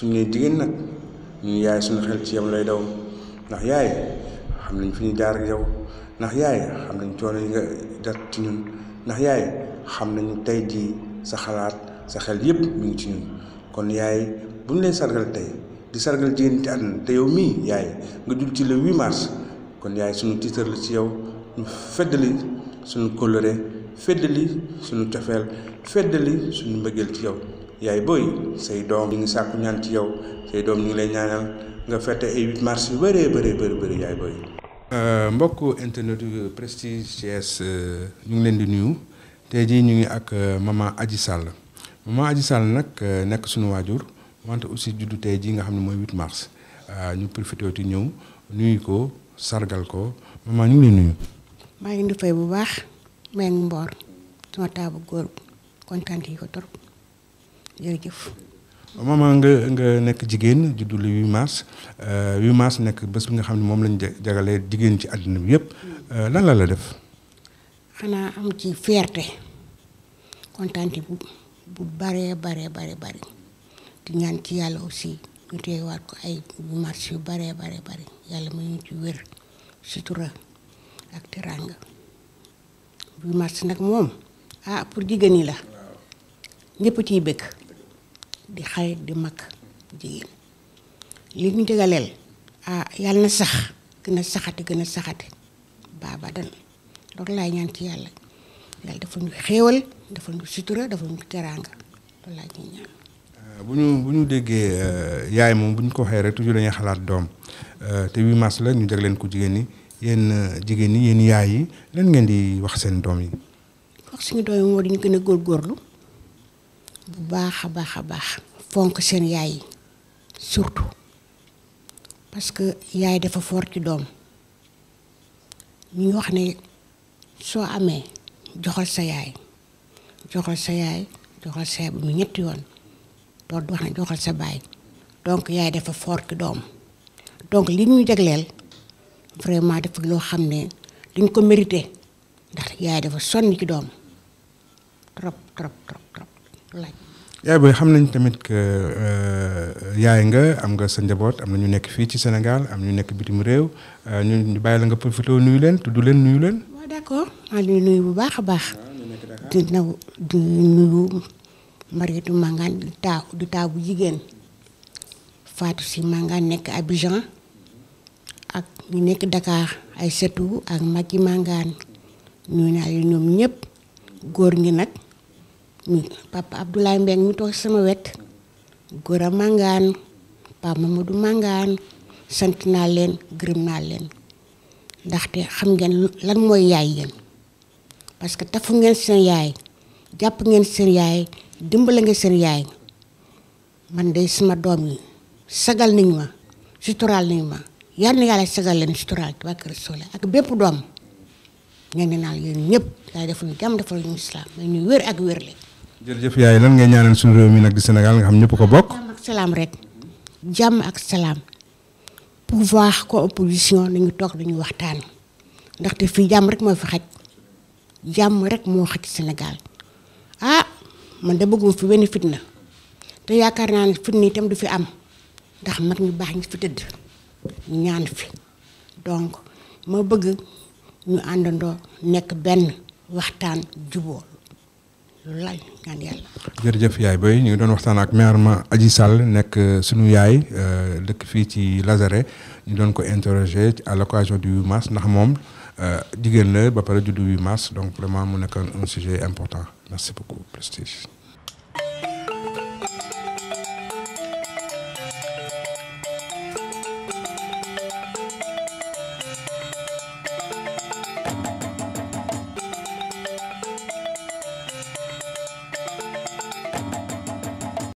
suñ nee jigéen nag ñun yaay suñu xel ci yow lay daw ndax yaay xam nañ fi ñu jaar ak yow ndax yaay xam nañ coono yi nga jot ci ndax yaay xam nañu tey jii sa xalaat sa xel yépp mu ngi ci ñun kon yaay bu ñu lay sargal tey di sargal jigéen ci àdduna te yow mii yaay nga jul ci le mars kon yaay suñu tiitar la ci yow ñu feddali suñu kóllëre feddali suñu cofeel feddali suñu mbëggeel ci yow yaay boy say doom ñu ngi sàkku ñaan ci yow say doom ñu lay ñaanal nga fété ay eh, 8 mars yu bëré bëré bëré bëri yaay boy eh, mbokk internet prestige cs eh, ñu ngi leen di nuyu tey ñu ngi ak mama Adji sall mama Adji sall nak nek suñu wajur wante aussi juddu tey ji nga xam moy 8 mars ñu profité ti ñew nuyu ko sargal ko mama ñu ngi lay nuyu maa ngi fay bu baax maa ngi sama taabu góor kontaan ko torop jërëjëf maman nga nga nek jigen di dul 8 mars euh 8 mars nek bés bi nga xamni mom lañu jagalé jigen ci aduna bi yépp euh lan la la def. xana am ci fierté kontaan bu bu bare bare bare bare di ñaan ci yalla aussi ñu téy waat ko ay bu mars yu bare bare bare yalla ma ñu ci wër ci tura ak teranga bu mars nak mom ah pour jigéen la ñepp ci bëgg. di xay di mag jigéen li ñu digaleel ah yàlla na sax gën a saxati gën a saxati baaba dan loolu ñaan ci yàlla yàlla dafa ñu xéewal dafa ñu sutura dafa ñu teraanga loolu laay ñuy ñaan euh, bu ñu bu ñu déggee euh, yaay moom bu ñu ko waxee rek toujours dañuy xalaat doom euh, te 8 mars la ñu jagleen ko jigéen ñi yéen jigéen ñi yéen yaay yi lan ngeen di wax seen doom yi wax suñu doom yi moo di ñu gën a góorgóorlu bu baax a baax a baax fonk seen yaay yi surtout parce que yaay dafa foor ci doom ñu ngi wax ne soo amee joxal sa yaay joxal sa yaay joxal bu mu ñetti yoon doo du wax ne joxal sa baay donc yaay dafa foor ci doom donc li ñuy jagleel vraiment dafa loo xam ne dañ ko mérité ndax yaay dafa sonn ci doom trop trop trop trop yaay booy xam nañ tamit que euh, yaay nga am nga sa njaboot am na ñu nekk fii ci senegal am ñu nekk bitim réew ñu euh, ñu bàyyi la nga profité nuyu leen tudd leen nuyu leen. waaw d'accord maa ngi bu baax a baax. di naw di taaw di taaw bu jigéen Fatou si Mangane nekk Abidjan ak ñu nekk dakaar ay setu ak Macky Mangane nuyu naa leen ñoom ñëpp góor ngi nag. mi papa abdoulaye mbeng mi tok sama wet gora mangan pa mamadou mangan sant len gërem na len ndax te xam ngeen lan moy yaay yéen parce que tafu ngeen sen yaay japp ngeen sen yaay dimbal nga sen yaay man day sama dom yi sagal nañ ma sutural nañ ma yalla yalla sagal len sutural ci wàkkër soole ak bepp dom ngeen ne naal yéen ñëpp yaay defal ñu defal ñu islam ñu wër ak wër leen jërëjëf yaay lan ngay ñaanal suñu réew mi nag di Sénégal nga xam ñëpp ko bokk. jam ak salaam rek jam ak salaam pouvoir ko opposition nañu toog dañu waxtaan ndaxte fii jam rek moo fi xaj jam rek moo xaj Sénégal ah man da bëgguma fi benn fitna te yaakaar naa ne fitna itam du fi am ndax mag ñu baax ñu fi tëdd ñaan fi donc ma bëgg ñu àndandoo nekk benn waxtaan juboo loolu laay ñaan yàlla. jërëjëf yaay Boy ñu ngi doon waxtaan ak mère ma Adji Sall nekk euh, suñu yaay euh, dëkk fii ci Lazare ñu doon ko interroger à l'occasion du 8 mars ndax moom euh, jigéen la ba pare juddu 8 mars donc vraiment mu nekk un sujet important merci beaucoup Prestige.